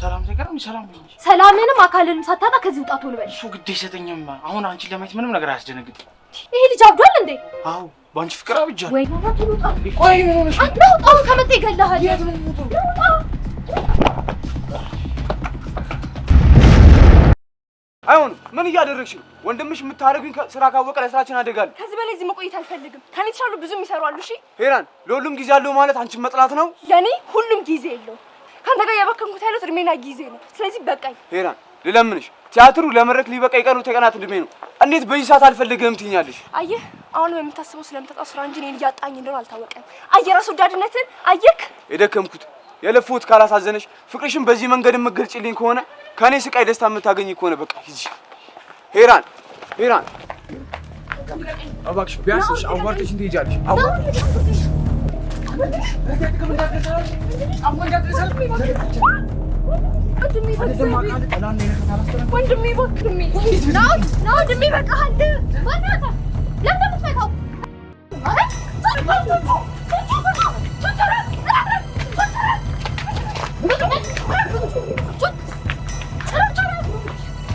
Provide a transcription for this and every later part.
ሰላም ነገር ሰላምንም አካልንም ሳታጣ ከዚህ ውጣ ቶሎ በል። እሱ ግድ አይሰጠኝም። አሁን አንቺን ለማየት ምንም ነገር አያስደነግጥም። ይሄ ልጅ አብዷል እንዴ? አዎ በአንቺ ፍቅር አብጃለሁ። ወይ ቆይ፣ ምን ሆነሽ? አትውጣ፣ ከመጣ ይገላሃል። አይሆንም። ምን እያደረግሽ ነው? ወንድምሽ የምታደርጉኝ ስራ ካወቀ ለስራችን አደጋል። ከዚህ በላይ እዚህ መቆየት አልፈልግም። ከኔ የተሻሉ ብዙም ይሰራሉ። እሺ ሄራን፣ ለሁሉም ጊዜ አለው ማለት አንቺን መጥላት ነው። ለእኔ ሁሉም ጊዜ የለው ከአንተ ጋር ያባከንኩት ያሉት እድሜና ጊዜ ነው። ስለዚህ በቃኝ። ሄራን፣ ልለምንሽ፣ ቲያትሩ ለመድረክ ሊበቃ የቀሩት የቀናት እድሜ ነው። እንዴት በዚህ ሰዓት አልፈልግህም ትኛለሽ? አየህ፣ አሁንም የምታስበው ስለምታጣው ስራ እንጂ እኔን እያጣኝ እንደሆነ አልታወቀም። አየህ፣ ራስ ወዳድነትን አየክ። የደከምኩት የለፉት ካላሳዘነሽ፣ ፍቅርሽን በዚህ መንገድ የምገልጭልኝ ከሆነ ከኔ ስቃይ ደስታ የምታገኝ ከሆነ በቃ ሂጂ። ሄራን ሄራን፣ እባክሽ ቢያንስ አዋርተሽ ትሄጃለሽ። ወንድሜ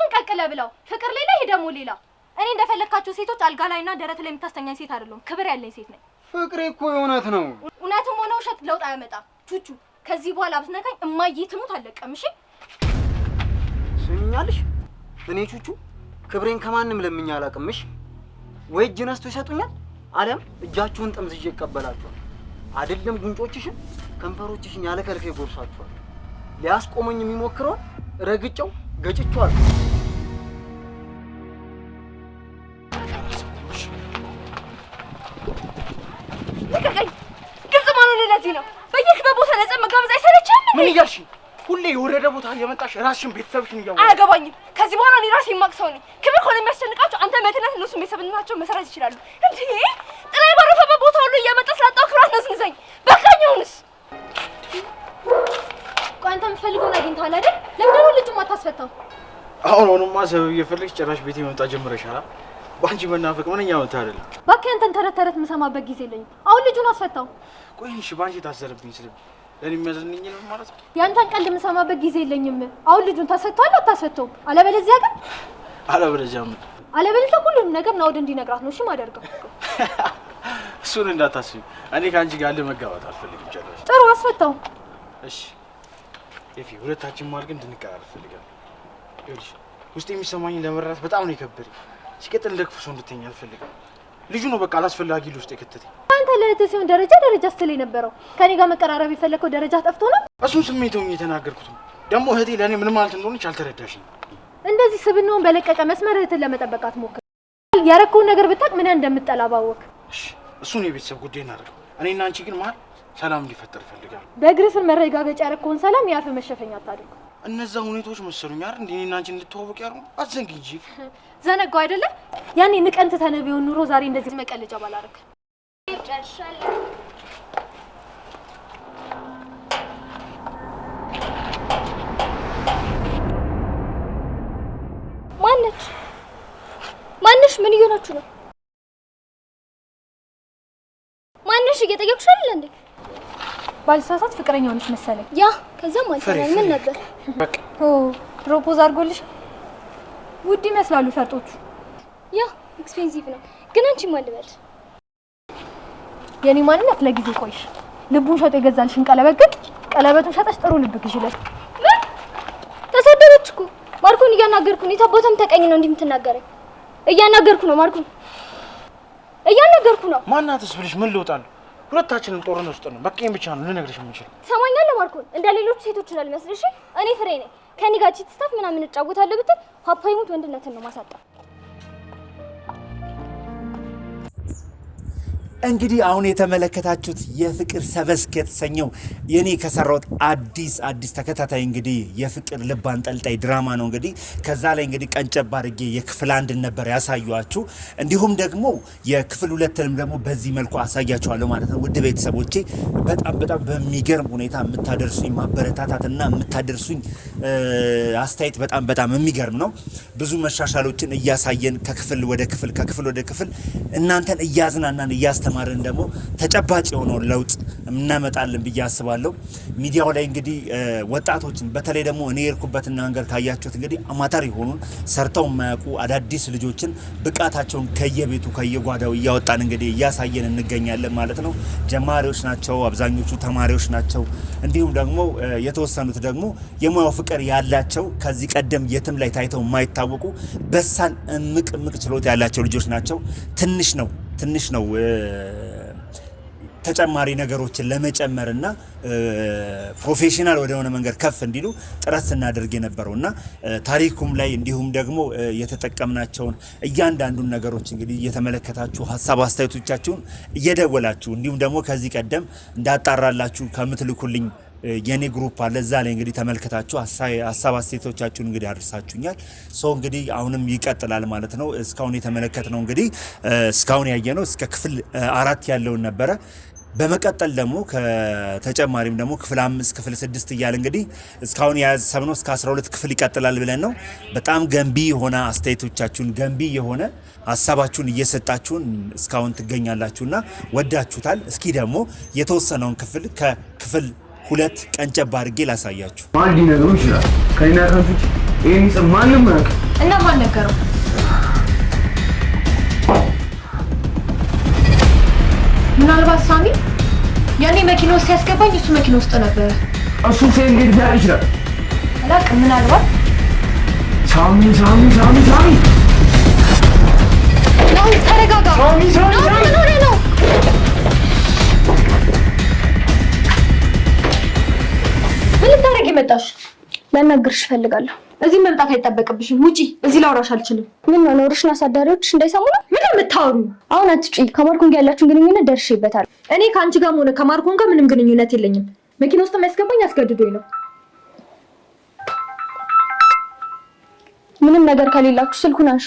እሱን ቀቅለ ብለው ፍቅር ሌላ ይሄ ደግሞ ሌላ። እኔ እንደፈለግካቸው ሴቶች አልጋ ላይና ደረት ላይ የምታስተኛኝ ሴት አይደለሁም። ክብር ያለኝ ሴት ነኝ። ፍቅሬ እኮ የእውነት ነው። እውነትም ሆነ ውሸት ለውጥ አያመጣም። ቹቹ ከዚህ በኋላ ብትነካኝ እማዬ ትሙት አለቀም። እሺ ስኛልሽ። እኔ ቹቹ ክብሬን ከማንም ለምኛ አላቅምሽ። ወይ እጅ ነስቶ ይሰጡኛል፣ አለም እጃችሁን ጠምዝዤ ይቀበላችኋል። አይደለም ጉንጮችሽን፣ ከንፈሮችሽን ያለ ከልክ ይጎርሳችኋል። ሊያስቆመኝ የሚሞክረውን ረግጨው ገጭቸዋል። ይሄ የወረደ ቦታ እየመጣሽ ራስሽን ቤተሰብሽን እያወ አያገባኝም። ከዚህ በኋላ እኔ ራሴ የማቅ ነኝ። ክብር ከሆነ የሚያስጨንቃቸው አንተ መድህነት፣ እነሱ ቤተሰብነታቸው መሰረት ይችላሉ። እንዴ ጥላይ የባረፈበት ቦታ ሁሉ እየመጣ ስላጣው ክብር አነዝንዘኝ በቃኝ። አሁንስ ቆይ አንተ የምትፈልገውን አግኝተሃል አይደል? ለምንድን ነው ልጁ ማታስፈታው? አሁን አሁንማ ሰበብ እየፈለግሽ ጭራሽ ቤቴ መምጣት ጀምረሻል። በአንቺ መናፈቅ ምንኛ መታ አይደለም። እባክህ አንተን ተረት ተረት የምሰማበት ጊዜ የለኝም። አሁን ልጁን አስፈታው። ቆይ እሺ፣ በአንቺ የታሰረብኝ ስልብ ለኔ የሚያዝንኝ ነው ማለት ነው። ያንተን ቀልድ የምሰማበት ጊዜ የለኝም። አሁን ልጁን ታሰጥቷል አታሰጥተውም? አለበለዚያ ግን አለበለዚያ ምን አለበለዚያ ሁሉንም ነገር ናውድ እንዲነግራት ነው። እሺ ማደርገው እሱን እንዳታስቢ። እኔ ከአንቺ ጋር ለመጋባት አልፈልግም ጨራሽ። ጥሩ አስፈታው። እሺ ኤፊ፣ ሁለታችን መሀል ግን እንድንቀራረብ እፈልጋለሁ። ይኸውልሽ ውስጥ የሚሰማኝ ለመረዳት በጣም ነው የከበደኝ። ሲቀጥል እንደ ክፉ ሰው እንድትይኝ አልፈልግም። ልጁ ነው በቃ አላስፈላጊ ውስጥ የከተተኝ። አንተ ለእህትህ ሲሆን ደረጃ ደረጃ ስትል የነበረው ከኔ ጋር መቀራረብ የፈለግከው ደረጃ ጠፍቶ ነው። እሱን ስሜት ሆኜ የተናገርኩት ነው። ደግሞ እህቴ ለእኔ ምን ማለት እንደሆነች አልተረዳሽም። እንደዚህ ስብናውን በለቀቀ መስመር እህትን ለመጠበቅ አትሞክር። ያረግከውን ነገር ብታቅ ምን እንደምጠላ ባወቅ። እሱን የቤተሰብ ጉዳይ እናደርገው። እኔና አንቺ ግን መሀል ሰላም እንዲፈጠር እፈልጋለሁ። በእግር ስር መረጋገጫ ያረከውን ሰላም የአፍ መሸፈኛ አታድርገው። እነዛ ሁኔታዎች መሰሉኝ አይደል እንዴ እኔና አንቺ እንድትዋወቅ ያሩ አዘንግ እንጂ ዘነጋው አይደለ ያኔ ንቀን ትተነህ ቢሆን ኑሮ ዛሬ እንደዚህ መቀለጃ ባላረክ ማነች ማነሽ ምን እየሆናችሁ ነው ማነሽ እየጠየቅሽ አይደል እንዴ ባልሳሳት ፍቅረኛ ሆነች መሰለኝ። ያ ከዛም አልሰራኝ ምን ነበር ኦ ፕሮፖዝ አድርጎልሽ? ውድ ይመስላሉ ፈርጦቹ። ያ ኤክስፔንሲቭ ነው ግን አንቺ ማልበል የኔ ማንነት ለጊዜ ቆይሽ። ልቡን ሸጦ የገዛልሽን ቀለበት ግን ቀለበቱን ሸጠሽ ጥሩ ልብ ግዢለት። ተሰደደች እኮ ማርኮን እያናገርኩ ነው። የታቦታም ተቀኝ ነው እንዲህ የምትናገረኝ። እያናገርኩ ነው ማርኮን እያናገርኩ ነው። ማናትስ ብልሽ ምን ልውጣለሁ ሁለታችንም ጦርነት ውስጥ ነው። በቃ ይሄን ብቻ ነው ልነግርሽ የምችለው። ትሰማኛለህ ማርኮን? እንደ ሌሎቹ ሴቶች እንዳልመስልሽ እኔ ፍሬ ነኝ። ከኔ ጋር ቺት ስታፍ ምናምን እጫወታለሁ ብትል ፓፓ ይሙት ወንድነትን ነው ማሳጣው እንግዲህ አሁን የተመለከታችሁት የፍቅር ሰበስክ የተሰኘው የኔ ከሰራሁት አዲስ አዲስ ተከታታይ እንግዲህ የፍቅር ልብ አንጠልጣይ ድራማ ነው። እንግዲህ ከዛ ላይ እንግዲህ ቀንጨብ አድርጌ የክፍል አንድን ነበር ያሳዩችሁ፣ እንዲሁም ደግሞ የክፍል ሁለትንም ደግሞ በዚህ መልኩ አሳያችኋለሁ ማለት ነው። ውድ ቤተሰቦቼ በጣም በጣም በሚገርም ሁኔታ የምታደርሱኝ ማበረታታትና የምታደርሱኝ አስተያየት በጣም በጣም የሚገርም ነው። ብዙ መሻሻሎችን እያሳየን ከክፍል ወደ ክፍል ከክፍል ወደ ክፍል እናንተን እያዝናናን እያስተ እያስተማርን ደግሞ ተጨባጭ የሆነውን ለውጥ እናመጣለን ብዬ አስባለሁ። ሚዲያው ላይ እንግዲህ ወጣቶችን በተለይ ደግሞ እኔ የርኩበትና መንገድ ካያችሁት እንግዲህ አማታር የሆኑን ሰርተው የማያውቁ አዳዲስ ልጆችን ብቃታቸውን ከየቤቱ ከየጓዳው እያወጣን እንግዲህ እያሳየን እንገኛለን ማለት ነው። ጀማሪዎች ናቸው አብዛኞቹ፣ ተማሪዎች ናቸው። እንዲሁም ደግሞ የተወሰኑት ደግሞ የሙያው ፍቅር ያላቸው ከዚህ ቀደም የትም ላይ ታይተው የማይታወቁ በሳል እምቅ እምቅ ያላቸው ልጆች ናቸው። ትንሽ ነው ትንሽ ነው ተጨማሪ ነገሮችን ለመጨመር እና ፕሮፌሽናል ወደሆነ መንገድ ከፍ እንዲሉ ጥረት ስናደርግ የነበረው እና ታሪኩም ላይ እንዲሁም ደግሞ የተጠቀምናቸውን እያንዳንዱን ነገሮች እንግዲህ እየተመለከታችሁ ሀሳብ አስተያየቶቻችሁን እየደወላችሁ እንዲሁም ደግሞ ከዚህ ቀደም እንዳጣራላችሁ ከምትልኩልኝ የኔ ግሩፕ አለ እዛ ላይ እንግዲህ ተመልከታችሁ ሀሳብ አስተያየቶቻችሁን እንግዲህ አድርሳችሁኛል። ሰው እንግዲህ አሁንም ይቀጥላል ማለት ነው። እስካሁን ነው እንግዲህ እስካሁን ያየነው እስከ ክፍል አራት ያለውን ነበረ። በመቀጠል ደግሞ ከተጨማሪም ደግሞ ክፍል አምስት ክፍል ስድስት እያለ እንግዲህ እስካሁን ያሰብነው እስከ 12 ክፍል ይቀጥላል ብለን ነው። በጣም ገንቢ የሆነ አስተያየቶቻችሁን ገንቢ የሆነ ሀሳባችሁን እየሰጣችሁን እስካሁን ትገኛላችሁና ወዳችሁታል። እስኪ ደግሞ የተወሰነውን ክፍል ከክፍል ሁለት ቀንጨብ አድርጌ ላሳያችሁ። ማን ሊነግሩ ይችላል? ከኔና ከንቱች ይህን ጽም ማንም ያውቅ እና ማን ነገረው? ምናልባት ሳሚ ያኔ መኪና ውስጥ ሲያስገባኝ እሱ መኪና ውስጥ ነበረ። እሱ ሴ እንዴት ሊያውቅ ይችላል? ላቅ ምናልባት ሳሚ ሳሚ ሳሚ ሳሚ ናሁን ተረጋጋ። ሳሚ ሳሚ ሳሚ ነው ምን ልታደርጊ መጣሽ? ላናግርሽ እፈልጋለሁ። እዚህ መምጣት አይጠበቅብሽም። ውጪ። እዚህ ላውራሽ አልችልም። ምን ነው ኖርሽን አሳዳሪዎች እንዳይሰሙ ነው? ምን የምታወሩ? አሁን አትጪ። ከማርኮን ጋር ያላችሁን ግንኙነት ደርሼበታል። እኔ ከአንቺ ጋርም ሆነ ከማርኮን ጋር ምንም ግንኙነት የለኝም። መኪና ውስጥ የሚያስገባኝ አስገድዶኝ ነው። ምንም ነገር ከሌላችሁ ስልኩን አንሿ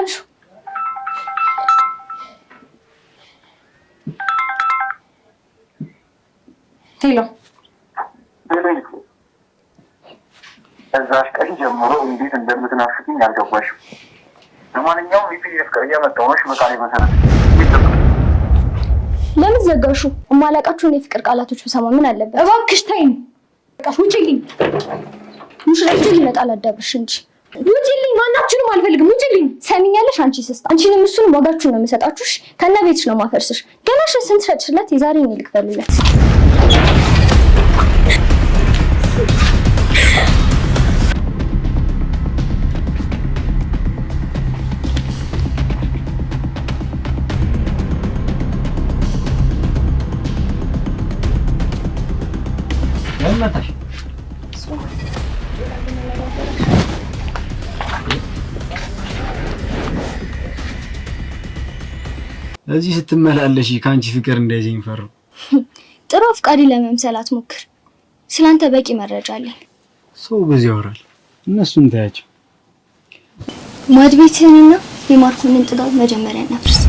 አንሹ። ሄሎ እዛሽ ቀን ጀምሮ እንዴት እንደምትናፍቅኝ አልገባሽም። ለማንኛውም ቢፒኤፍ ቀር እያመጣሁሽ በቃሌ መሰረት ለምን ዘጋሹ? እማላውቃችሁን የፍቅር ቃላቶች ብሰማ ምን አለበት? እባክሽ ታይም ውጭልኝ። ሙሽ ይመጣል አዳብርሽ እንጂ ውጪልኝ! ማናችሁንም አልፈልግም። ውጪልኝ! ሰሚኛለሽ? አንቺ ስስት፣ አንቺንም እሱንም ዋጋችሁን ነው የምሰጣችሁሽ። ከነ ቤትሽ ነው ማፈርስሽ። ገናሽን ስንትሸጥሽለት የዛሬን ይልክፈልለት መታሽ እዚህ ስትመላለሽ ከአንቺ ፍቅር እንደዚህ ይንፈሩ። ጥሩ አፍቃሪ ለመምሰል አትሞክር። ስላንተ በቂ መረጃ አለን። ሰው ብዙ ያወራል፣ እነሱን ታያቸው። ማድቤትህንና የማርኮንን ጥጋብ መጀመሪያ እናፍርስ፣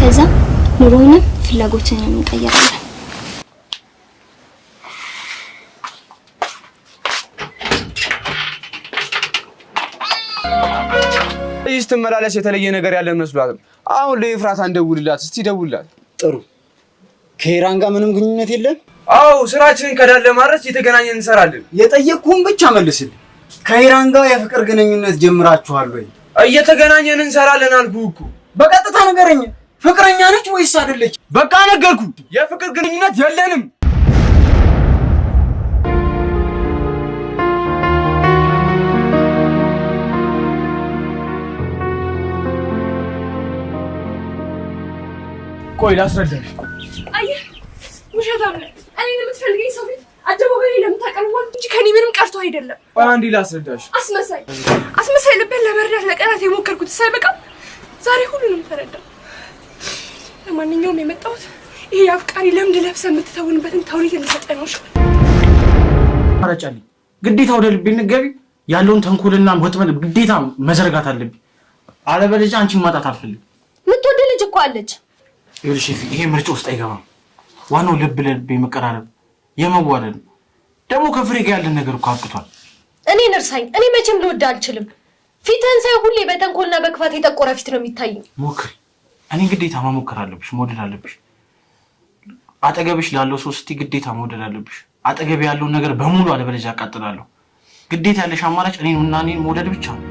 ከዛ ኑሮውንም ፍላጎትህንም እንቀይራለን። ልጅ ስትመላለስ የተለየ ነገር ያለ መስሏትም። አሁን ለኤፍራት እንደውልላት እስቲ ደውልላት። ጥሩ ከሄራን ጋር ምንም ግንኙነት የለም። አዎ ስራችንን ከዳር ለማድረስ የተገናኘን እንሰራለን። የጠየቅኩህን ብቻ መልስልኝ። ከሄራን ጋር የፍቅር ግንኙነት ጀምራችኋል ወይ? እየተገናኘን እንሰራለን አልኩህ እኮ። በቀጥታ ንገረኝ፣ ፍቅረኛ ነች ወይስ አይደለች? በቃ ነገርኩ። የፍቅር ግንኙነት የለንም። ቆይ ላስረዳሽ። አየህ ውሸታም ነህ። እኔን የምትፈልገኝ ሰው ፊት አደባባይ ላይ ለምታቀርቧል እንጂ ከኔ ምንም ቀርቶ አይደለም። አንዴ ላስረዳሽ። አስመሳይ አስመሳይ ልብህን ለመርዳት ለቀናት የሞከርኩት ሳይበቃ ዛሬ ሁሉንም ተረዳ። ለማንኛውም የመጣሁት ይሄ አፍቃሪ ለምድ ለብሰ የምትተውንበትን ተውኔት ልሰጠ ነው። አረጫልኝ ግዴታ ወደ ልቤ ንገቢ ያለውን ተንኮልና ወጥመድ ግዴታ መዘርጋት አለብኝ። አለበለዚያ አንቺን ማጣት አልፈልግም። ምትወድ ልጅ እኮ አለች። ይኸውልሽ ይሄ ምርጫ ውስጥ አይገባም። ዋናው ልብ ለልብ የመቀራረብ የመዋደድ ደግሞ ከፍሬ ጋር ያለን ነገር እኮ አብቅቷል። እኔ ነርሳኝ እኔ መቼም ልወድ አልችልም። ፊትህን ሳይ ሁሌ በተንኮልና በክፋት የጠቆረ ፊት ነው የሚታየኝ። ሞክሪ። እኔ ግዴታ መሞከር አለብሽ፣ መውደድ አለብሽ። አጠገብሽ ላለው ሰው ስትይ ግዴታ መውደድ አለብሽ። አጠገብ ያለውን ነገር በሙሉ አለበለዚያ አቃጥላለሁ። ግዴታ ያለሽ አማራጭ እኔን እና እኔን መውደድ ብቻ ነው።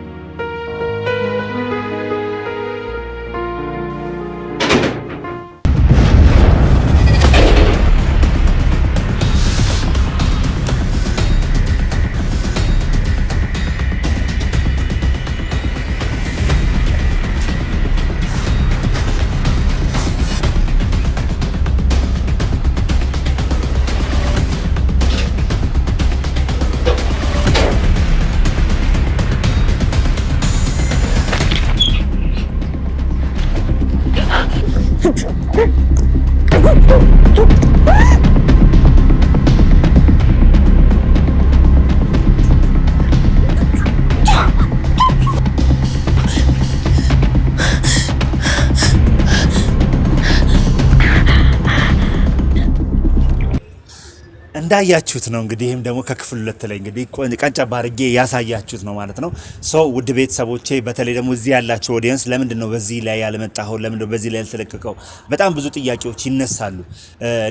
እንዳያችሁት ነው እንግዲህ ይህም ደግሞ ከክፍል ሁለት ላይ እንግዲህ ቀንጨብ ባርጌ ያሳያችሁት ነው ማለት ነው። ሶ ውድ ቤተሰቦቼ፣ በተለይ ደግሞ እዚህ ያላቸው ኦዲየንስ ለምንድን ነው በዚህ ላይ ያልመጣኸው? ለምንድን ነው በዚህ ላይ ያልተለቀቀው? በጣም ብዙ ጥያቄዎች ይነሳሉ።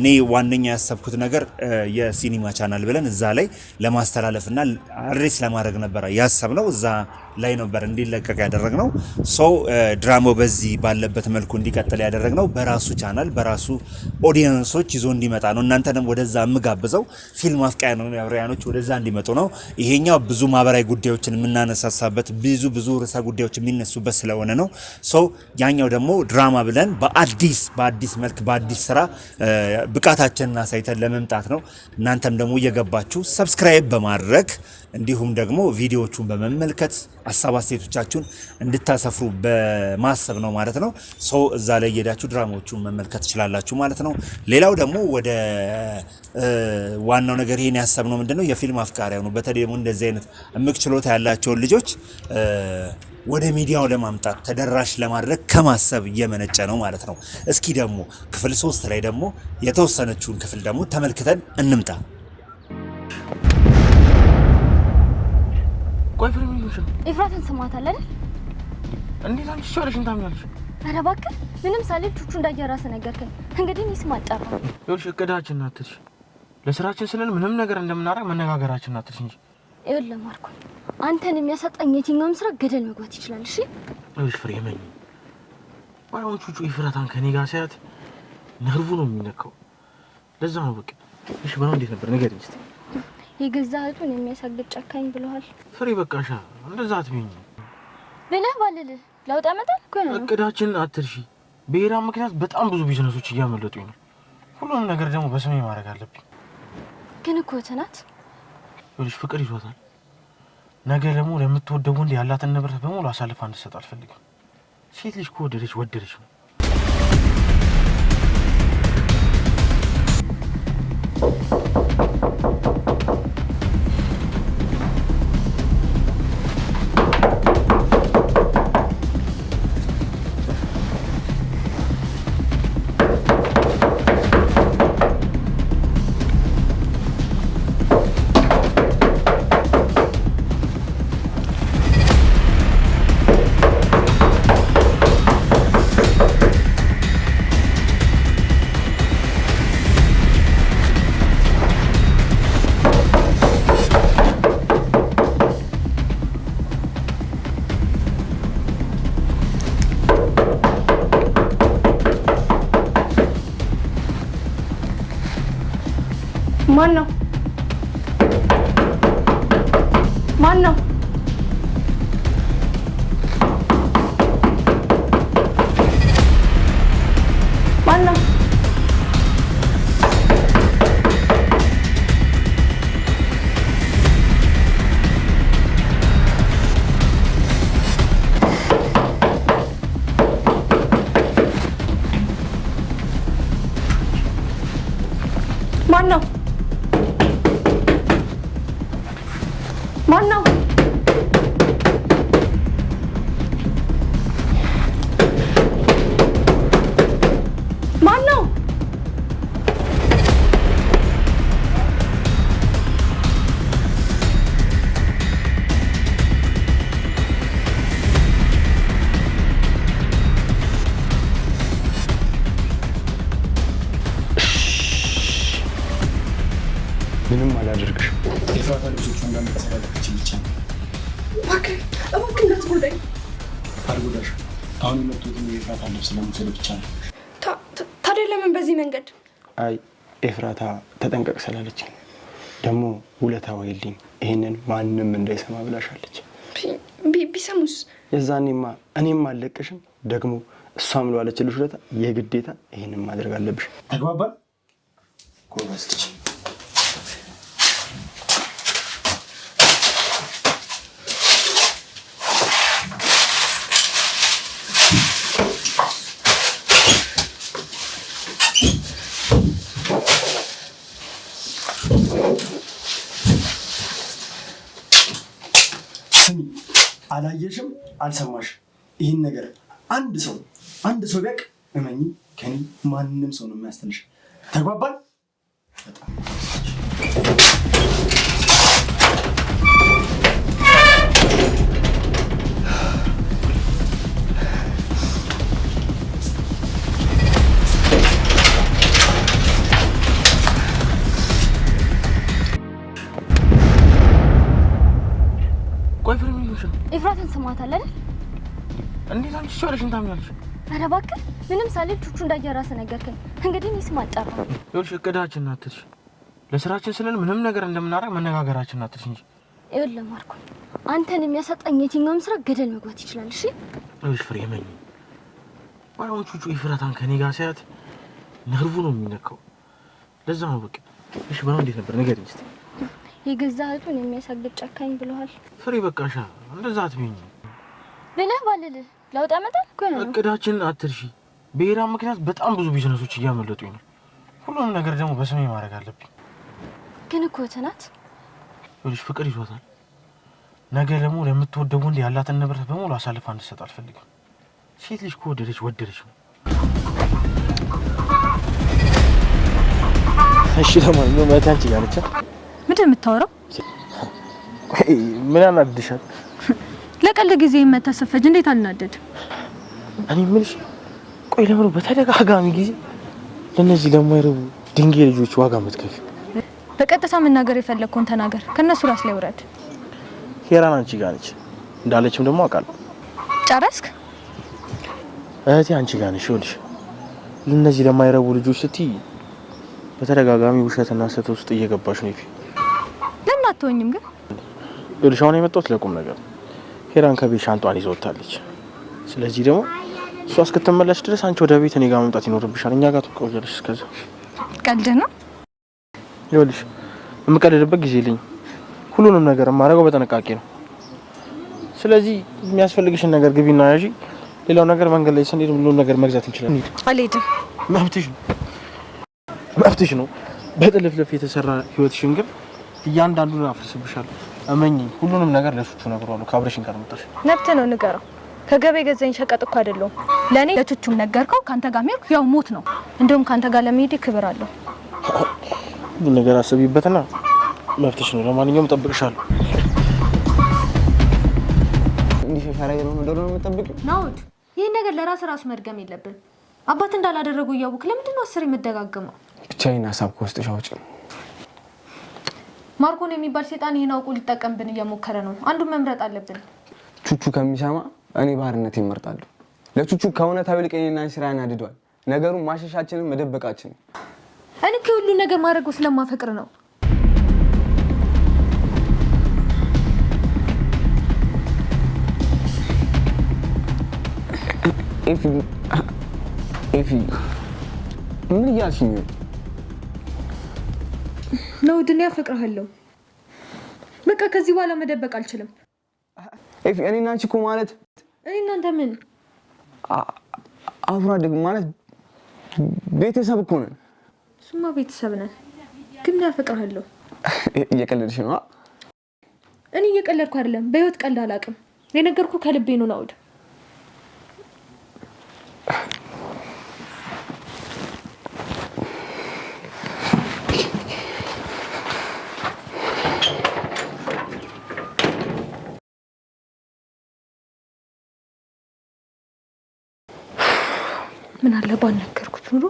እኔ ዋነኛ ያሰብኩት ነገር የሲኒማ ቻናል ብለን እዛ ላይ ለማስተላለፍና አድሬስ ለማድረግ ነበረ ያሰብነው እዛ ላይ ነበር እንዲለቀቅ ነው። ሰው ድራማው በዚህ ባለበት መልኩ እንዲቀጥል ያደረግነው በራሱ ቻናል በራሱ ኦዲየንሶች ይዞ እንዲመጣ ነው። እናንተንም ወደዛ የምጋብዘው ፊልም አፍቃሪያኖች ወደዛ እንዲመጡ ነው። ይሄኛው ብዙ ማህበራዊ ጉዳዮችን የምናነሳሳበት ብዙ ብዙ ርዕሰ ጉዳዮች የሚነሱበት ስለሆነ ነው። ሰው ያኛው ደግሞ ድራማ ብለን በአዲስ በአዲስ መልክ በአዲስ ስራ ብቃታችንን አሳይተን ለመምጣት ነው። እናንተም ደግሞ እየገባችሁ ሰብስክራይብ በማድረግ እንዲሁም ደግሞ ቪዲዮዎቹን በመመልከት ሀሳብ አስተያየቶቻችሁን እንድታሰፍሩ በማሰብ ነው ማለት ነው። ሰው እዛ ላይ እየሄዳችሁ ድራማዎቹን መመልከት ትችላላችሁ ማለት ነው። ሌላው ደግሞ ወደ ዋናው ነገር ይህን ያሰብ ነው ምንድነው የፊልም አፍቃሪያ ነው። በተለይ ደግሞ እንደዚህ አይነት እምቅ ችሎታ ያላቸውን ልጆች ወደ ሚዲያው ለማምጣት ተደራሽ ለማድረግ ከማሰብ እየመነጨ ነው ማለት ነው። እስኪ ደግሞ ክፍል ሶስት ላይ ደግሞ የተወሰነችውን ክፍል ደግሞ ተመልክተን እንምጣ። ቆይ ፍሬ ምን ይሆንሻል? ኤፍራታን ስማታል አይደል? እንዴት አንቺ ቻለሽ እንታምኛለሽ? ኧረ እባክህ ምንም ሳልል ቹቹ እንዳያራስ ነገርከኝ። እንግዲህ እኔ ስም አልጠራም። ይኸውልሽ እቅዳችን ናትሽ ለስራችን ስንል ምንም ነገር እንደምናደርግ መነጋገራችን ናትሽ እንጂ ይኸውልህ ማርኮ አንተን የሚያሳጣኝ የትኛውም ስራ ገደል መግባት ይችላል። እሺ ይኸውልሽ ፍሬ ምን ባሁን ቹቹ ኤፍራታን ከኔ ጋር ሲያት ነርቡ ነው የሚነካው። ለዛ ነው በቃ። እሺ ባሁን እንዴት ነበር ንገሪኝ እስኪ የገዛ እህቱን የሚያሳግድ ጨካኝ ብለዋል። ፍሬ በቃሻ እንደዛ አትበይኝ ብለህ ባልልህ ለውጥ ያመጣል እኮ ነው። እቅዳችንን አትርሺ። ብሔራን ምክንያት በጣም ብዙ ቢዝነሶች እያመለጡኝ ነው። ሁሉንም ነገር ደግሞ በስሜ ማድረግ አለብኝ። ግን እኮ ትናት ልጅ ፍቅር ይዟታል። ነገ ደግሞ ለምትወደው ወንድ ያላትን ንብረት በሙሉ አሳልፋ እንድትሰጥ አልፈልግም። ሴት ልጅ ከወደደች ወደደች ነው። አልጎዳሽ። አሁን የመጡትን የኤፍራታ ልብስ ለመውሰድ ብቻ ነው። ታዲያ ለምን በዚህ መንገድ? አይ ኤፍራታ ተጠንቀቅ ስላለች ደግሞ ውለታ ወይልኝ ይህንን ማንም እንዳይሰማ ብላሻለች። ቢሰሙስ? የዛኔማ እኔም አልለቅሽም። ደግሞ እሷም ለዋለችልሽ ውለታ የግዴታ ይህንን ማድረግ አለብሽ። ተግባባል። ጎበዝ ልጅ አላየሽም፣ አልሰማሽም። ይህን ነገር አንድ ሰው አንድ ሰው ቢያቅ እመኝ፣ ከኔ ማንም ሰው ነው የሚያስተንሽ። ተግባባል በጣም ታማታለ አይደል? እንዴት አንቺ ሻለሽ እንታምኛለሽ? ኧረ እባክህ ምንም ሳልል ቹቹ እንዳየ ራስህ ነገርከኝ። እንግዲህ እኔስ ማጣራ ይኸውልሽ፣ እቅዳችን ናትሽ። ለስራችን ስንል ምንም ነገር እንደምናደርግ መነጋገራችን ናትሽ እንጂ ይኸውልህ፣ ማርኩ አንተን የሚያሳጣኝ የትኛውም ስራ ገደል መግባት ይችላል። እሺ ይኸውልሽ፣ ፍሬመኝ ባይሆን ቹቹ ይፍራታን ከኔ ጋር ሲያት ነርቡ ነው የሚነካው። ለዛ ነው በቃ። እሺ ባይሆን እንዴት ነበር ንገሪኝ እስኪ። የገዛ እህቱን የሚያሳግድ ጨካኝ ብለዋል። ፍሬ በቃሻ እንደዛ አትበይኝ። ብልህ ባልል ለውጥ ያመጣል እኮ ነው። እቅዳችንን አትርሺ። ብሔራ ምክንያት በጣም ብዙ ቢዝነሶች እያመለጡኝ ነው። ሁሉንም ነገር ደግሞ በስሜ ማድረግ አለብኝ። ግን እኮ ትናት ልጅ ፍቅር ይዟታል። ነገ ደግሞ ለምትወደው ወንድ ያላትን ንብረት በሙሉ አሳልፋ እንድትሰጥ አልፈልግም። ሴት ልጅ ከወደደች ወደደች ነው። እሺ ለማንኛውም እህቴ አንቺ ጋር ነች። ምንድን የምታወራው? ምን ያናድሻል? ለቀልድ ጊዜ የመታሰፈጅ እንዴት አልናደድ? እኔ የምልሽ ቆይ ለምሮ በተደጋጋሚ ጊዜ ለእነዚህ ለማይረቡ ድንጌ ልጆች ዋጋ መትከፍ። በቀጥታ መናገር የፈለግከውን ተናገር፣ ከነሱ ራስ ላይ ውረድ። ሄራን አንቺ ጋር ነች እንዳለችም ደግሞ አውቃለሁ። ጨረስክ? እህቴ አንቺ ጋር ነሽ። ይኸውልሽ ለእነዚህ ለማይረቡ ልጆች ስትይ በተደጋጋሚ ውሸትና ስህተት ውስጥ እየገባሽ ነው። ይፊ ለምን አትወኝም ግን? ይኸውልሽ አሁን የመጣሁት ለቁም ነገር ሄራን ከቤት ሻንጧን ይዘው ስለዚህ ደግሞ እሷ እስክትመለስ ድረስ አንቺ ወደ ቤት እኔ ጋር መምጣት ይኖርብሻል። እኛ ጋር ትቆያለሽ። እስከዛ ቀልድ ነው። ይኸውልሽ የምቀልድበት ጊዜ የለኝም። ሁሉንም ነገር የማደርገው በጥንቃቄ ነው። ስለዚህ የሚያስፈልግሽን ነገር ግቢና ያዢ። ሌላው ነገር መንገድ ላይ ስንሄድ ሁሉን ነገር መግዛት እንችላለን። አልሄድም። መብትሽ ነው፣ መብትሽ ነው። በጥልፍልፍ የተሰራ ህይወትሽን ግን እያንዳንዱን አፍርስብሻለሁ። እመኝ ሁሉንም ነገር ለቹቹ ነግሯለሁ። ከአብሬሽን ጋር መጣሽ ነብት ነው ንገረው። ከገበያ የገዛኝ ሸቀጥ እኮ አይደለሁም ለእኔ ለቹቹም ነገርከው። ከአንተ ጋር ሚሄድ ያው ሞት ነው። እንደውም ከአንተ ጋር ለመሄድ ክብር አለው። ሁሉን ነገር አስቢበትና መብትሽ ነው። ለማንኛውም እጠብቅሻለሁ። እንዲህ ሸሻረገ ነው እንደሆነ ነው የምጠብቂው። ናውድ ይህን ነገር ለራስ ራሱ መድገም የለብን። አባት እንዳላደረጉ እያወቅህ ለምንድን ነው አስር የምደጋግመው? ብቻዬን ሀሳብ ከውስጥ ሻውጭ ማርኮን የሚባል ሴጣን ይህን አውቆ ሊጠቀምብን እየሞከረ ነው። አንዱን መምረጥ አለብን። ቹቹ ከሚሰማ እኔ ባህርነት ይመርጣሉ። ለቹቹ ከእውነታዊ ይልቅ እኔና ስራ ያናድደዋል። ነገሩን ማሸሻችንም መደበቃችን። እኔ ከሁሉ ነገር ማድረጉ ስለማፈቅር ነው። ኤፊ ምን እያልሽኝ ነው? ነው ናኦድን ያፈቅርሃለሁ። በቃ ከዚህ በኋላ መደበቅ አልችልም። ኤፊ እኔና አንቺ እኮ ማለት እኔ እናንተ ምን አብሮ አደግ ማለት ቤተሰብ እኮ ነን። እሱማ ቤተሰብ ነን፣ ግን ያፈቅርሃለሁ። እየቀለድሽ ነው? እኔ እየቀለድኩ አይደለም። በህይወት ቀልድ አላውቅም። የነገርኩ ከልቤ ነው ናውድ ምን አለ ባልነገርኩት ኑሮ።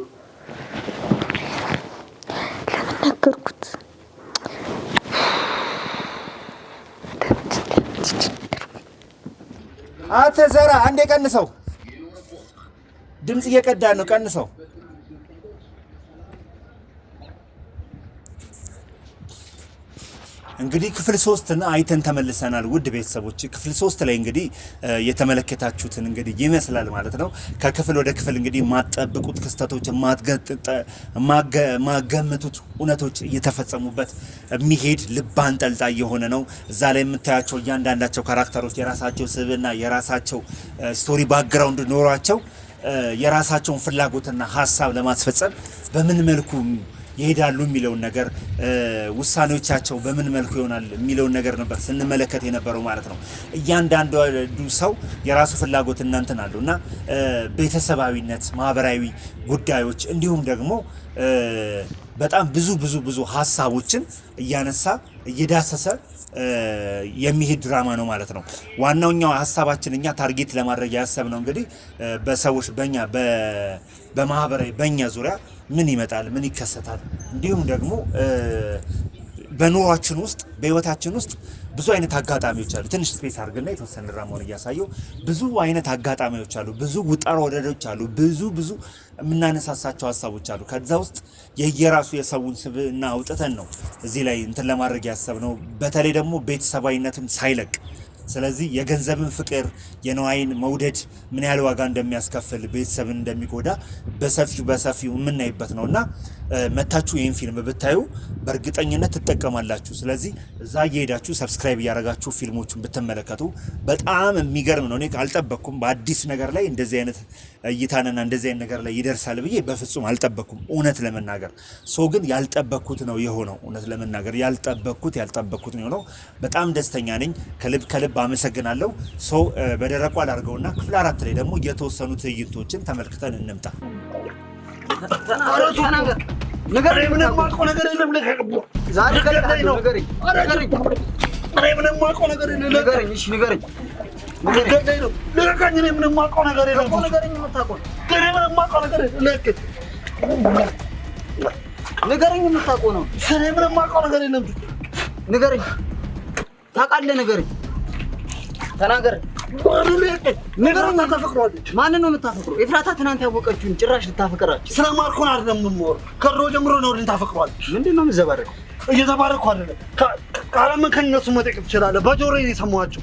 ለምን ነገርኩት? አተ ዘራ አንዴ ቀንሰው፣ ድምፅ እየቀዳን ነው። ቀንሰው እንግዲህ ክፍል ሶስትን አይተን ተመልሰናል። ውድ ቤተሰቦች ክፍል ሶስት ላይ እንግዲህ የተመለከታችሁትን እንግዲህ ይመስላል ማለት ነው። ከክፍል ወደ ክፍል እንግዲህ የማትጠብቁት ክስተቶች፣ ማገመቱት እውነቶች እየተፈጸሙበት የሚሄድ ልብ አንጠልጣይ የሆነ ነው። እዛ ላይ የምታያቸው እያንዳንዳቸው ካራክተሮች የራሳቸው ስብዕና፣ የራሳቸው ስቶሪ ባክግራውንድ ኖሯቸው የራሳቸውን ፍላጎትና ሀሳብ ለማስፈጸም በምን መልኩ ይሄዳሉ የሚለውን ነገር ውሳኔዎቻቸው በምን መልኩ ይሆናል የሚለውን ነገር ነበር ስንመለከት የነበረው ማለት ነው። እያንዳንዱ ሰው የራሱ ፍላጎት እንትን አለው እና ቤተሰባዊነት፣ ማህበራዊ ጉዳዮች እንዲሁም ደግሞ በጣም ብዙ ብዙ ብዙ ሀሳቦችን እያነሳ እየዳሰሰ የሚሄድ ድራማ ነው ማለት ነው። ዋናውኛው ሀሳባችን እኛ ታርጌት ለማድረግ ያሰብነው እንግዲህ በሰዎች በእኛ በማህበራዊ በኛ ዙሪያ ምን ይመጣል፣ ምን ይከሰታል፣ እንዲሁም ደግሞ በኑሯችን ውስጥ በህይወታችን ውስጥ ብዙ አይነት አጋጣሚዎች አሉ። ትንሽ ስፔስ አድርግና የተወሰነ ድራማውን እያሳየው ብዙ አይነት አጋጣሚዎች አሉ። ብዙ ውጣ ውረዶች አሉ። ብዙ ብዙ የምናነሳሳቸው ሀሳቦች አሉ። ከዛ ውስጥ የየራሱ የሰውን ስብዕና አውጥተን ነው እዚህ ላይ እንትን ለማድረግ ያሰብነው። በተለይ ደግሞ ቤተሰባዊነትም ሳይለቅ ስለዚህ የገንዘብን ፍቅር የነዋይን መውደድ ምን ያህል ዋጋ እንደሚያስከፍል ቤተሰብን እንደሚጎዳ በሰፊው በሰፊው የምናይበት ነው እና መታችሁ ይህን ፊልም ብታዩ በእርግጠኝነት ትጠቀማላችሁ። ስለዚህ እዛ እየሄዳችሁ ሰብስክራይብ እያደረጋችሁ ፊልሞቹን ብትመለከቱ በጣም የሚገርም ነው። እኔ አልጠበቅኩም በአዲስ ነገር ላይ እንደዚህ አይነት እይታንና እንደዚህ አይነት ነገር ላይ ይደርሳል ብዬ በፍጹም አልጠበኩም። እውነት ለመናገር ሰው ግን ያልጠበኩት ነው የሆነው። እውነት ለመናገር ያልጠበኩት ያልጠበኩት ነው የሆነው። በጣም ደስተኛ ነኝ። ከልብ ከልብ አመሰግናለሁ። ሶ በደረቁ አላርገውና ክፍል አራት ላይ ደግሞ የተወሰኑ ትዕይንቶችን ተመልክተን እንምጣ። ነገር ልቀቀኝ። እኔ ምንም የማውቀው ነገር የለም። ንገረኝ፣ የምታውቀው ነው። እኔ ምንም የማውቀው ነገር የለም። ንገረኝ፣ ታውቃለህ? ንገረኝ፣ ተናገር። ንገረኝ። አልተፈቅሯለች። ማንን ነው የምታፈቅረው? ኤፍራታ ትናንት ያወቀችውን ጭራሽ ልታፈቅራችሁ። ስለማርኮን አይደለም የምወራው፣ ከድሮ ጀምሮ ነው ልታፈቅሯለች። ምንድን ነው የምትዘባረቀው? እየዘባረኩ አይደለም። ቃለምን ከእነሱ መጠየቅ ትችላለህ። በጆሮዬ የሰማኋቸው።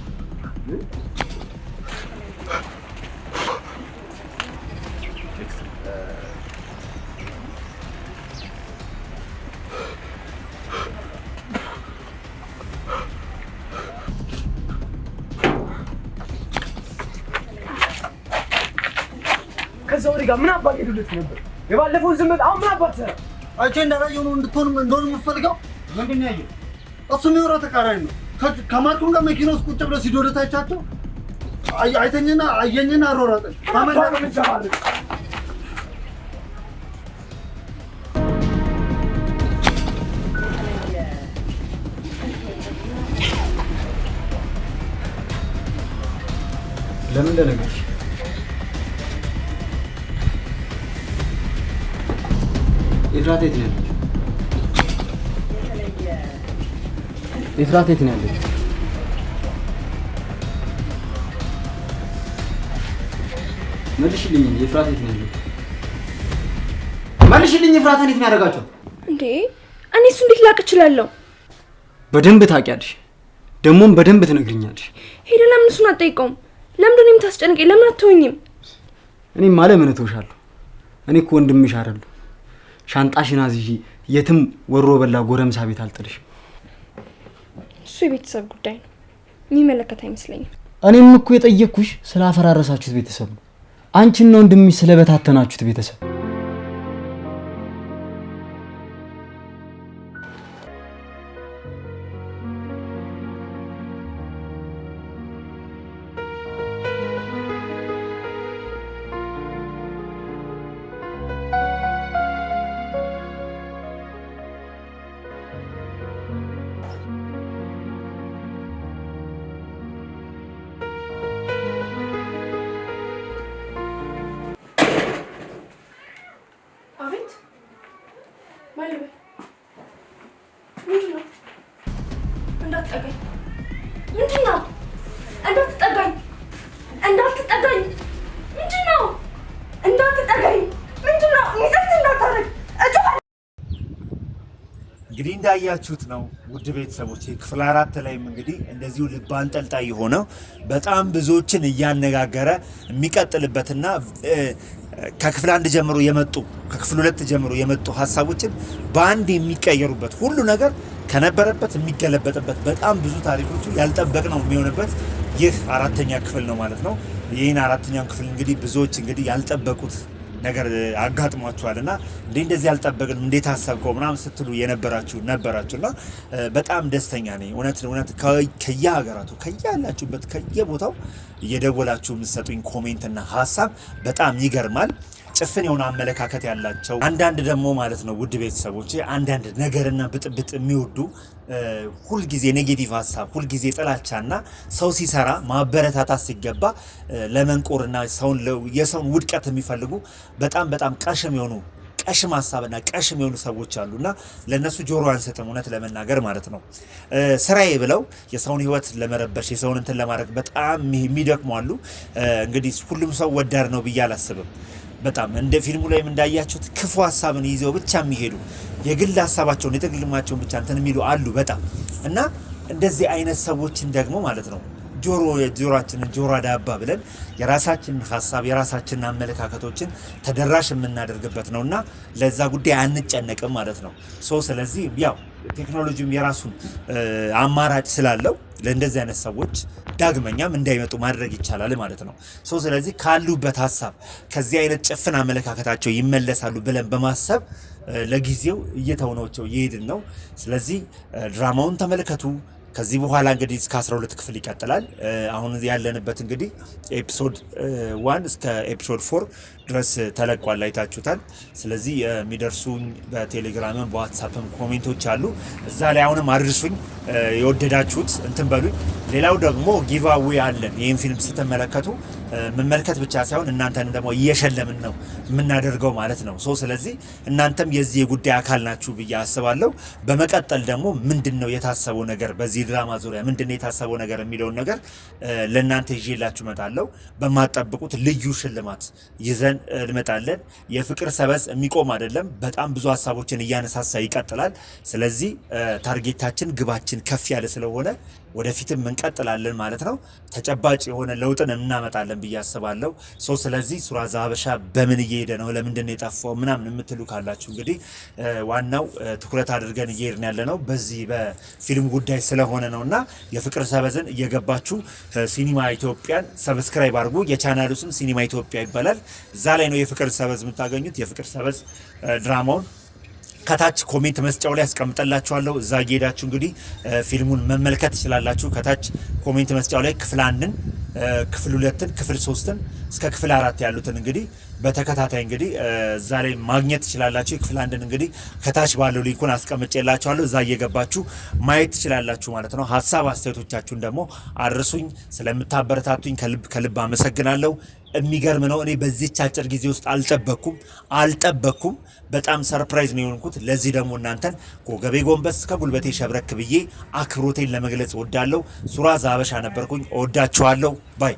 ጋር ምን አባት ሄዱለት ነበር? የባለፈው ዝም አሁን ምን አባት ሰራ? አይቼ እንዳላየ ነው እንድትሆን እንደሆነ የምፈልገው ምንድን ያየ እሱ የሚወራው ተቃራኒ ነው። ከማርኩም ጋር መኪና ውስጥ ቁጭ ብለው ሲዶረት አይቻቸው አይተኝና አየኝና አሮራጠኝ ለምን ደነገጥሽ? ኢፍራት የት ነው ያለችው? ኢፍራት የት ነው ያለችው? መልሽልኝ። ኢፍራት የት ነው ያለችው? መልሽልኝ። ኢፍራት እንዴት ነው ያደርጋቸው? እንዴ እኔ እሱ እንዴት ላቅ እችላለሁ? በደንብ ታውቂያለሽ፣ ደግሞም በደንብ ትነግርኛለሽ። ሄደ ለምን እሱን አትጠይቀውም? ለምንድን ነው የምታስጨንቀኝ? ለምን አትሆኝም? ማለ ምን እተውሻለሁ? እኔ እኮ ወንድምሽ አይደለሁ ሻንጣሽን አዝዤ የትም ወሮ በላ ጎረምሳ ቤት አልጥልሽ እሱ የቤተሰብ ጉዳይ ነው፣ የሚመለከት አይመስለኝም። እኔም እኮ የጠየቅኩሽ ስላፈራረሳችሁት ቤተሰብ ነው፣ አንቺና ወንድምሽ ስለበታተናችሁት ቤተሰብ እንግዲህ እንዳያችሁት ነው ውድ ቤተሰቦች፣ ክፍል አራት ላይም እንግዲህ እንደዚሁ ልብ አንጠልጣይ የሆነው በጣም ብዙዎችን እያነጋገረ የሚቀጥልበትና ከክፍል አንድ ጀምሮ የመጡ ከክፍል ሁለት ጀምሮ የመጡ ሀሳቦችን በአንድ የሚቀየሩበት ሁሉ ነገር ከነበረበት የሚገለበጥበት በጣም ብዙ ታሪኮቹ ያልጠበቅ ነው የሚሆንበት ይህ አራተኛ ክፍል ነው ማለት ነው። ይህን አራተኛውን ክፍል እንግዲህ ብዙዎች እንግዲህ ያልጠበቁት ነገር አጋጥሟችኋል እና እንዴ እንደዚህ አልጠበቅንም እንዴት አሰብከው ምናምን ስትሉ የነበራችሁ ነበራችሁና በጣም ደስተኛ ነኝ። እውነት እውነት ከየሀገራቱ ከያላችሁበት ከየቦታው እየደወላችሁ የምትሰጡኝ ኮሜንትና ሀሳብ በጣም ይገርማል። ጭፍን የሆነ አመለካከት ያላቸው አንዳንድ ደግሞ ማለት ነው ውድ ቤተሰቦች አንዳንድ ነገርና ብጥብጥ የሚወዱ ሁልጊዜ ኔጌቲቭ ሀሳብ ሁልጊዜ ጥላቻና ሰው ሲሰራ ማበረታታት ሲገባ ለመንቆርና የሰውን ውድቀት የሚፈልጉ በጣም በጣም ቀሽም የሆኑ ቀሽም ሀሳብና ቀሽም የሆኑ ሰዎች አሉና ለእነሱ ጆሮ አንሰጥም። እውነት ለመናገር ማለት ነው ስራዬ ብለው የሰውን ህይወት ለመረበሽ የሰውን እንትን ለማድረግ በጣም የሚደክሙ አሉ። እንግዲህ ሁሉም ሰው ወዳድ ነው ብዬ አላስብም። በጣም እንደ ፊልሙ ላይም እንዳያችሁት ክፉ ሀሳብን ይዘው ብቻ የሚሄዱ የግል ሀሳባቸውን የጥቅልማቸውን ብቻ እንትን የሚሉ አሉ በጣም እና እንደዚህ አይነት ሰዎችን ደግሞ ማለት ነው ጆሮ የጆሮአችንን ጆሮ ዳባ ብለን የራሳችንን ሀሳብ የራሳችንን አመለካከቶችን ተደራሽ የምናደርግበት እና ለዛ ጉዳይ አንጨነቅም ማለት ነው። ሶ ስለዚህ ያው ቴክኖሎጂም የራሱን አማራጭ ስላለው ለእንደዚህ አይነት ሰዎች ዳግመኛም እንዳይመጡ ማድረግ ይቻላል ማለት ነው። ሶ ስለዚህ ካሉበት ሀሳብ ከዚህ አይነት ጭፍን አመለካከታቸው ይመለሳሉ ብለን በማሰብ ለጊዜው እየተውነቸው እየሄድን ነው። ስለዚህ ድራማውን ተመልከቱ። ከዚህ በኋላ እንግዲህ እስከ 12 ክፍል ይቀጥላል። አሁን ያለንበት እንግዲህ ኤፒሶድ ዋን uh, እስከ ኤፒሶድ ፎር ድረስ ተለቋል፣ አይታችሁታል። ስለዚህ የሚደርሱኝ በቴሌግራምም በዋትሳፕም ኮሜንቶች አሉ። እዛ ላይ አሁንም አድርሱኝ፣ የወደዳችሁት እንትን በሉኝ። ሌላው ደግሞ ጊቫዌ አለን። ይህን ፊልም ስትመለከቱ መመልከት ብቻ ሳይሆን እናንተን ደግሞ እየሸለምን ነው የምናደርገው ማለት ነው። ሶ ስለዚህ እናንተም የዚህ የጉዳይ አካል ናችሁ ብዬ አስባለሁ። በመቀጠል ደግሞ ምንድን ነው የታሰበው ነገር በዚህ ድራማ ዙሪያ ምንድን ነው የታሰበው ነገር የሚለውን ነገር ለእናንተ ይዤላችሁ እመጣለሁ። በማጠብቁት ልዩ ሽልማት ይዘን ብለን እንመጣለን። የፍቅር ሰበዝ የሚቆም አይደለም። በጣም ብዙ ሀሳቦችን እያነሳሳ ይቀጥላል። ስለዚህ ታርጌታችን ግባችን ከፍ ያለ ስለሆነ ወደፊትም እንቀጥላለን ማለት ነው። ተጨባጭ የሆነ ለውጥን እናመጣለን ብዬ አስባለሁ። ሶ ስለዚህ ሱራ ዘሀበሻ በምን እየሄደ ነው፣ ለምንድን የጠፋው ምናምን የምትሉ ካላችሁ እንግዲህ ዋናው ትኩረት አድርገን እየሄድን ያለ ነው በዚህ በፊልም ጉዳይ ስለሆነ ነው እና የፍቅር ሰበዝን እየገባችሁ ሲኒማ ኢትዮጵያን ሰብስክራይብ አድርጉ። የቻናሉ ስም ሲኒማ ኢትዮጵያ ይባላል። እዛ ላይ ነው የፍቅር ሰበዝ የምታገኙት። የፍቅር ሰበዝ ድራማውን ከታች ኮሜንት መስጫው ላይ አስቀምጠላችኋለሁ። እዛ ጌዳችሁ እንግዲህ ፊልሙን መመልከት ትችላላችሁ። ከታች ኮሜንት መስጫው ላይ ክፍል አንድን፣ ክፍል ሁለትን፣ ክፍል ሶስትን እስከ ክፍል አራት ያሉትን እንግዲህ በተከታታይ እንግዲህ እዛ ላይ ማግኘት ትችላላችሁ። የክፍል አንድን እንግዲህ ከታች ባለው ሊንኩን አስቀምጬላችኋለሁ። እዛ እየገባችሁ ማየት ትችላላችሁ ማለት ነው። ሀሳብ አስተያየቶቻችሁን ደግሞ አድርሱኝ። ስለምታበረታቱኝ ከልብ ከልብ አመሰግናለሁ። የሚገርም ነው። እኔ በዚህች አጭር ጊዜ ውስጥ አልጠበኩም አልጠበኩም። በጣም ሰርፕራይዝ ነው የሆንኩት። ለዚህ ደግሞ እናንተን ከወገቤ ጎንበስ ከጉልበቴ ሸብረክ ብዬ አክብሮቴን ለመግለጽ እወዳለሁ። ሱራ ዛበሻ ነበርኩኝ። እወዳችኋለሁ ባይ